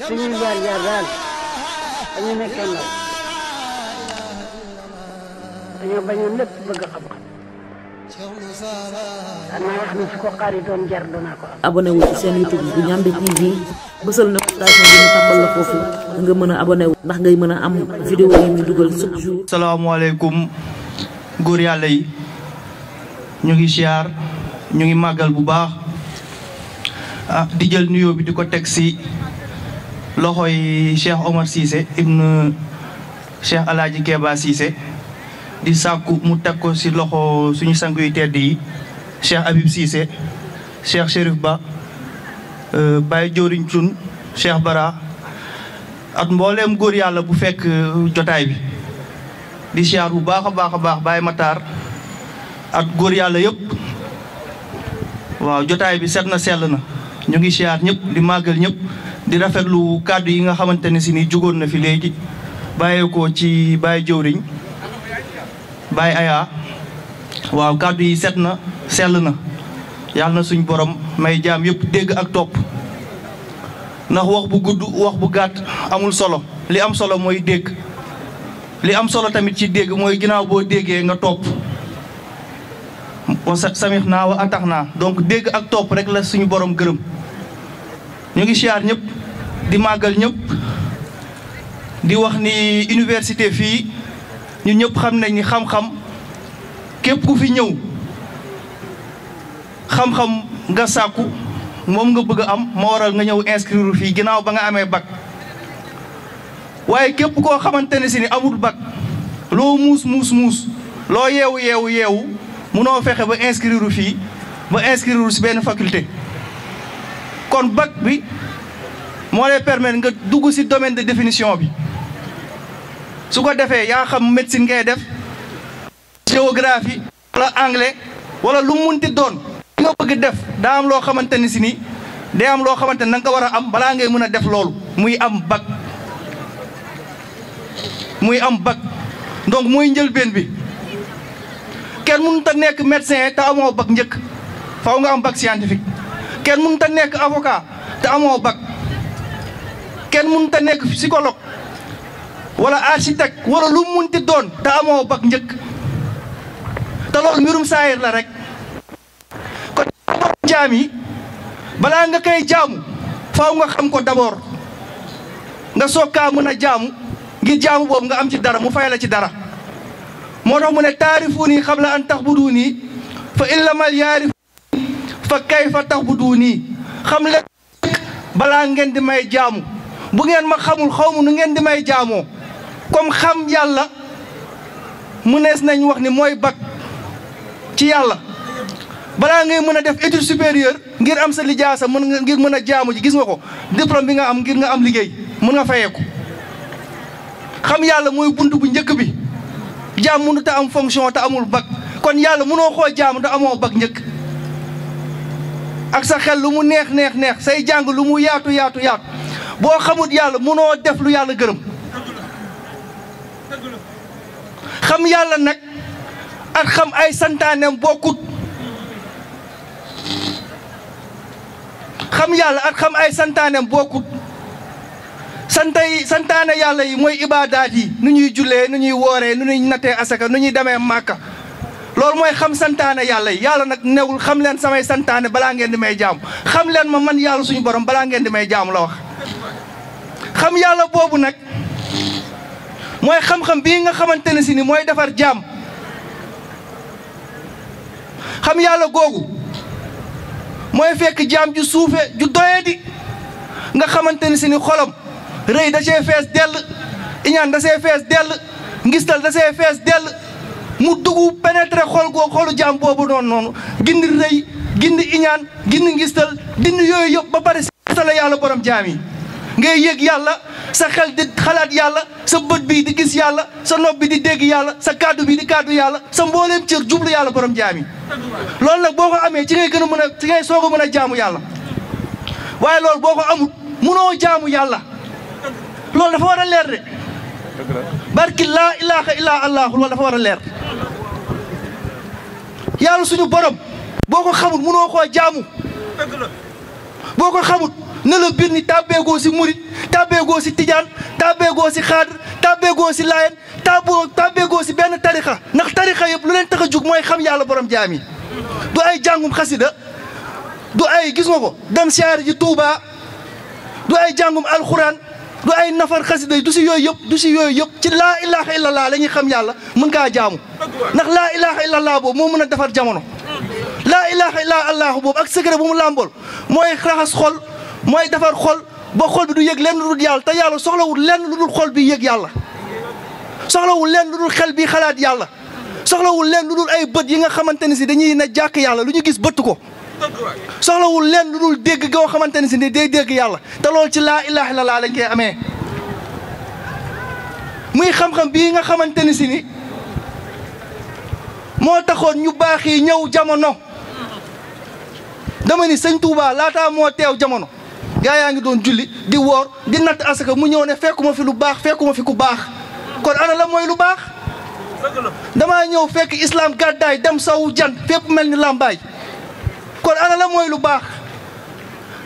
suñuy jaar jaar daal dañu seen YouTube bu Ndiamé TV bësal na station bi nga mën a abonné wu ndax ngay mën a am vidéo yi ñu dugal chaque jour. góor yàlla yi ñu ngi siyaar ñu ngi màggal bu baax ah di jël nuyoo bi di ko teg si. loxoy Cheikh Omar Cissé ibn Cheikh Alaaji Keba Cissé di sàkku mu teg ko ci loxo suñu sang yu tedd yi Cheikh Habib Cissé Cheikh Chérif Ba euh, Baye Dioriñ Cun Cheikh Bara ak mbooleem góor yàlla bu fekk jotaay bi di siyaar bu baax a baax a baax Baye Matar ak góor yàlla yëpp waaw jotaay bi set na sell na ñu ngi siyaar ñëpp di màggal ñëpp di rafetlu kàddu yi nga xamanteni ne si ni jugoon na fi léegi ko ci Baye jëwriñ Baye Aya waaw kàddu yi set na sell na yàlla na suñ borom may jaam yëpp dégg ak topp ndax wax bu gudd wax bu gàtt amul solo li am solo mooy dégg li am solo tamit ci dégg mooy ginnaaw boo déggee nga topp samix naa wa atax naa donc dégg ak topp rek la suñu borom gërëm ñu ngi siyaar ñëpp di magal ñep di wax ni université fi ñun ñep xam nañ ni xam-xam kep ku fi ñew xam-xam nga saku mom nga bëgg am mo waral nga ñew inscrire fi ginaaw ba nga amé bac waye kep ko xamante ne ni amul bac mus mus mus muus loo yew yew yeewu munoo fexé ba inscrire fi ba inscrire ci ben faculté kon bac bi moo lay permettre nga dugg ci domaine de définition bi su ko defee yaa xam médecine ngay def géographie wala anglais wala lu munti doon li nga bëgg def daa am loo xamante ni si nii day am loo xamante ni na nga ko war a am balaa ngay mën a def loolu muy am bac muy am bac donc mooy njëlbeen bi kenn mënut a nekk médecin te amoo bac njëkk faw nga am bac scientifique kenn mënut a nekk avocat te amoo bac ken mënut nek nekk psychologue wala architecte wala lu mu munti don te amo bak ñeuk ta lol mirum saayir la rek ko jami bala nga kay jamu faaw nga xam ko d'abord nga soka jamu jamu bob nga am ci dara mu fay ci dara moo tax mu ne tarifuni qabla an taxbuduuni fa illa lam yarif fa kayfa taxbuduuni xam la bala ngeen di may jamu bu ngeen ma xamul xawmu nu ngeen di may jaamoo comme xam yàlla mënees nañ wax ni moy bac ci yalla bala ngay mëna def étude supérieure ngir am sa lijaasa mën nga ngir mëna jaamu ci gis nga ko diplôme bi nga am ngir nga am liggéey mën nga fayeeku xam yalla moy buntu bu ñëk bi jaam mënu ta am fonction ta amul bak, kon yalla mëno xoo jaam da amoo bac ñëk ak sa xel lu mu neex neex neex say jang lu mu yaatu yaatu yaatu boo xamut yàlla mënoo def lu yàlla gërëm xam yàlla nag ak xam ay santaaneem bokkut xam yàlla ak xam ay santaaneem bokkut santa yi santaane yàlla yi mooy ibaadaat yi nu ñuy jullee nu ñuy wooree nu ñuy nattee asaka nu ñuy demee màkka loolu mooy xam santaane yàlla yi yàlla nag newul xam leen samay santaane balaa ngeen di may jaam xam leen ma man yàlla suñu borom balaa ngeen di may jaam la wax xam yalla bobu nak moy xam-xam bi nga xamantene ci ni moy defar jam xam yalla gogou moy fekk jam ju soufey ju di nga xamantene ci ni xolam reuy da cey fess del iñan da cey fess del ngistal da cey fess del mu duggu pénétré xol go xolu jam bobu non non gindi reuy gindi iñan gindi ngistal dindi yoy yop ba pare sala yalla borom jami ngay yëg yàlla sa xel di xalaat yàlla sa bët bi di gis yàlla sa nopp bi di dégg yàlla sa kaddu bi di kaddu yàlla sa mbooleen cër jublu yàlla borom jaami loolu nag boo ko amee ci ngay gën a mën a ci ngay soog mën a jaamu yàlla waaye lool boo ko amul munoo jaamu yàlla loolu dafa war a leer de barki laa ilaaha illaa allaahu loolu dafa war a leer yàlla suñu borom boo ko xamul munoo koo jaamu boo ko xamul na la bir ni tàbbeegoo si murit tàbbeegoo si tijaan tàbbeegoo si xaadr tàbbeegoo si laayen tàbboo tàbbeegoo si benn tarixa ndax tarixa yëpp lu leen tax a jug mooy xam yàlla borom jaam yi du ay jàngum xasida du ay gis nga ko dem siyaare ji Tuuba du ay jàngum alxuraan du ay nafar xasida yi du si yooyu yëpp du si yooyu yëpp ci laa ilaha illallah la ñuy xam yàlla mu kaa jaamu ndax laa ilaha illallah boobu moo mën a defar jamono laa ilaha illa allahu boobu ak secret bu làmbool mooy defar xol boo xol bi du yég lenn lu dul yàlla te yàlla soxlawul lenn lu dul xol bi yég yàlla soxlawul lenn lu dul xel bi xalaat yàlla soxlawul lenn lu dul ay bët yi nga xamante ni si dañuy na jàkk yàlla lu ñu gis bëtt ko soxlawul lenn lu dul dégg goo xamante ni si day dégg yàlla te loolu ci laa ilaaha illallaah lañ koy amee muy xam-xam bii nga xamante ni si ni moo taxoon ñu baax yi ñëw jamono dama ni sëñ Touba laataa moo teew jamono gaa yaa ngi doon julli di woor di natt asaka mu ñëw ne ma fi lu baax fekkuma fi ku baax kon ana la mooy lu baax damaa ñëw fekk islaam gàddaay dem sawu jan fépp mel ni làmbaay kon ana la mooy lu baax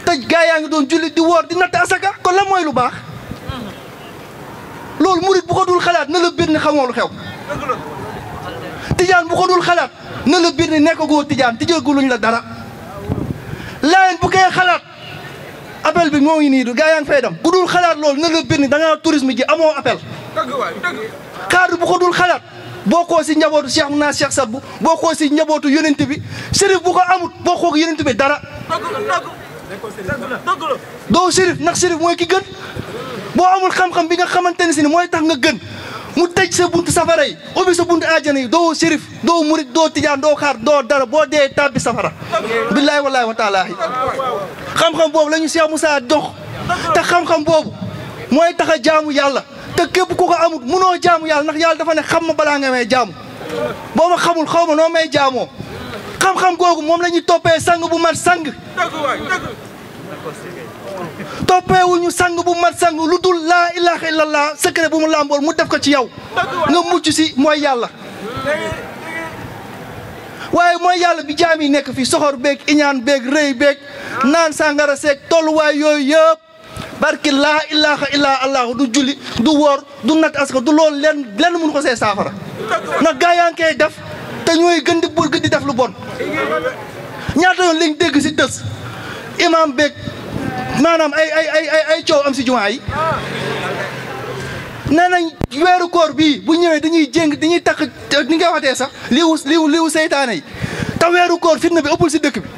te gaa yaa ngi doon julli di woor di natt asaka kon la mooy lu baax loolu murit bu ko dul xalaat na la biir ni xamoo lu xew tijaan bu ko dul xalaat na la biir ni nekkagoo tijaan tijjaguluñ la dara laayeen bu xalaat appel bi moo ngi nii du gaa yaa ngi fay dem. dul xalaat loolu na la bind da ngaa tourisme ji amoo appel. dëgg waay dëgg. cadre bu ko dul xalaat bokkoo si njabootu Cheikh Mouna Cheikh Sadbou bokkoo si njabootu yonent bi sërif bu ko amut bokkoo ak yonent bi dara. doo sërif ndax sërif mooy ki gën boo amul xam-xam bi nga xamante ne si ni mooy tax nga gën. mu teg sa buntu safara yi ubbi sa buntu aajana yi doo sérif doo murit doo tijaan doo xaar doo dara boo dee tàbbi safara billaahi wallaahi wa taala xam-xam boobu la ñu Cheikh Moussa jox te xam-xam boobu mooy tax a jaamu yàlla te képp ko ko amut noo jaamu yàlla ndax yàlla dafa ne xam ma balaa nga may jaamu boo xamul xaw ma noo may jaamoo xam-xam googu moom lañuy ñuy sang bu mat sang toppeewuñu sang bu mat sang lu dul la ilaha illallah secret bu mu lambol mu def ko ci yaw nga muccu ci moy yalla waye moy yalla bi jami nek fi soxor iñan bek reey bek nan sangara sek seeg way yoy yeb barki la ilaha illa du julli du wor du nat aska du lol len len mu ko sey safara ndax gaa def te ñoy gënd bur di def lu bon ñaata yon liñ dégg ci teus imam bek maanaam ay ay ay ay ay coow am si jumaa yi nee nañ weeru koor bii bu ñëwee dañuy jéng dañuy takk ni nga waxatee sax liwu liwu liwu seytaane yi te weeru koor fitna bi ëppul si dëkk bi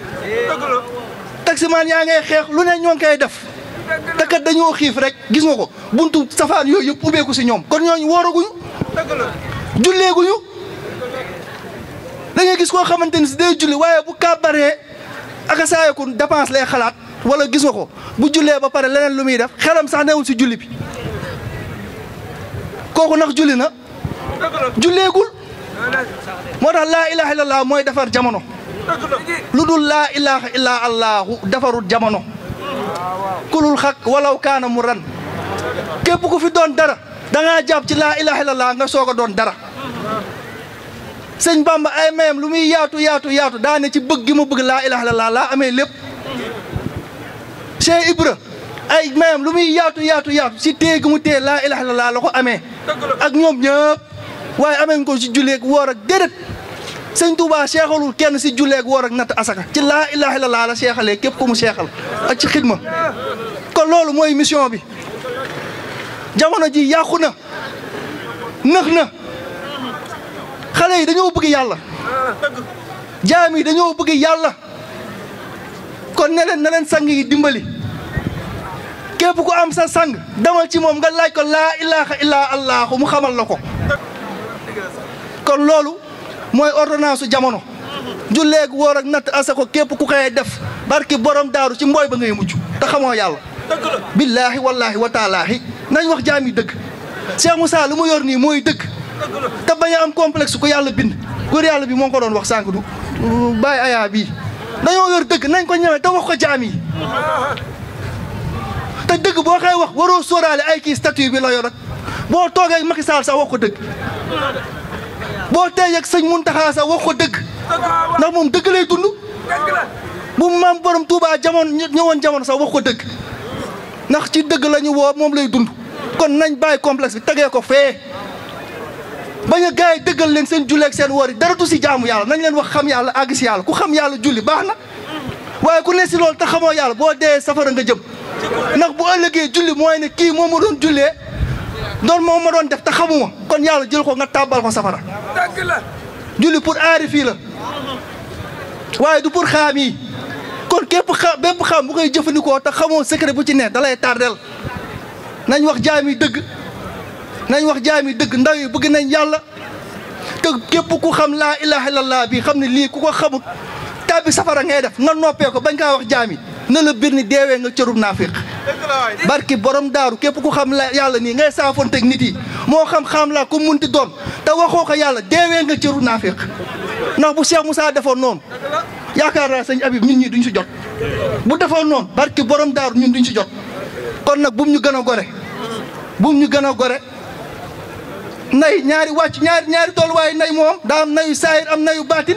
taximaan yaa ngay xeex lu ne ñoo ngi koy def te dañoo xiif rek gis nga ko buntu safaan yooyu ubbeeku si ñoom kon ñooñu wooraguñu julleeguñu da ngay gis koo xamante ni si day julli waaye bu kàbbaree ak saayaku dépense lay xalaat wala gis ko bu jullee ba pare leneen lu muy def xelam sax newul si julli bi kooku ndax julli na julleegul moo tax laa ilaha illallah mooy defar jamono lu dul laa ilaha illa allahu defarul jamono kulul xaq walaw kaana mu ran képp ku fi doon dara dangaa jàpp ci laa ilaha illallah nga soog doon dara sëñ Bamba ay mayam lu muy yaatu yaatu yaatu daane ci bëgg gi mu bëgg laa ilaha illallah laa amee lépp Cheikh Ibra ay maam lu muy yaatu yaatu yaatu ci téye gu mu téye laa ilaha illallah la ko amee ak ñoom ñëpp waaye amee ko ci julleeg woor ak déedéet sëñ Touba seexalul kenn si julleeg woor ak natt asaka ci laa ilaha illallah la seexalee képp ku mu seexal ak ci xidma kon loolu mooy mission bi jamono ji yàqu na nëx na xale yi dañoo bëgg yàlla jaam yi dañoo bëgg yàlla kon ne leen na dimbali képp ku am sa sang demal ci moom nga laaj ko laa ilaha illa allahu mu xamal la ko kon loolu mooy ordonnance su jamono julleeg wóor ak natt ko képp ku koy def barki borom daaru ci mbooy ba ngay mujj te xamoo yàlla billaahi wallaahi wa taalaahi nañ wax jaam yi dëgg Cheikh Moussa lu mu yor nii mooy dëgg ta bañ am complexe ku yàlla bind góor yàlla bi moo ko doon wax sànq du bàyyi ayaa bii dañoo yor dëgg nañ ko ñëwee ta wax ko jaam yi te deug bo xey wax waro sóoraale ay ki statue bi la nak bo toge ak Macky Sall sax wax deug bo tey ak Seigne Mountakha sax wax deug dëgg ndax moom dëgg lay dund bu mam borom Touba jamon ñewon jamon sax wax deug ndax ci deug la wo mom lay dund kon nañ bay complexe bi tege ko fe baña gaay deugal len dëggal julle ak seen dara tu si jaamu yalla nañ len wax xam yalla ag ci yalla ku xam yalla julli baxna waye ku ne si lol ta xamoo yalla bo de safara nga jëm ndax bu ëllëgee julli mooy ne kii moo ma doon jullee doon moo ma doon def te xamuma kon yàlla jël ko nga tàbbal ko safara julli pour aari fii la waaye du pour xaam yi kon képp bépp xam bu koy jëfandikoo te xamoo secret bu ci ne dalay lay tardel nañ wax jaam yi dëgg nañ wax jaam yi dëgg ndaw yi bëgg nañ yàlla te képp ku xam laa ilaha illallah bi xam ne lii ku ko xamut tàbbi safara ngay def nga noppee ko bañ kaa wax jaam na la bir ni deewee nga cërub naafiq barki borom daaru képp ku xam la yàlla nii ngay saafonteeg nit yi moo xam xam laa ko munti doon te waxoo ko yàlla deewee nga cërub naafiq ndax bu Cheikh saa defoon noonu yaakaar naa sëñ Habib ñun ñii duñ si jot bu defoon noonu barki borom daaru ñun duñ si jot kon nag bu ñu gën a gore bu ñu gën a gore nay ñaari wàcc ñaari ñaari tolluwaay nay moom daa am nayu saayir am nayu baatin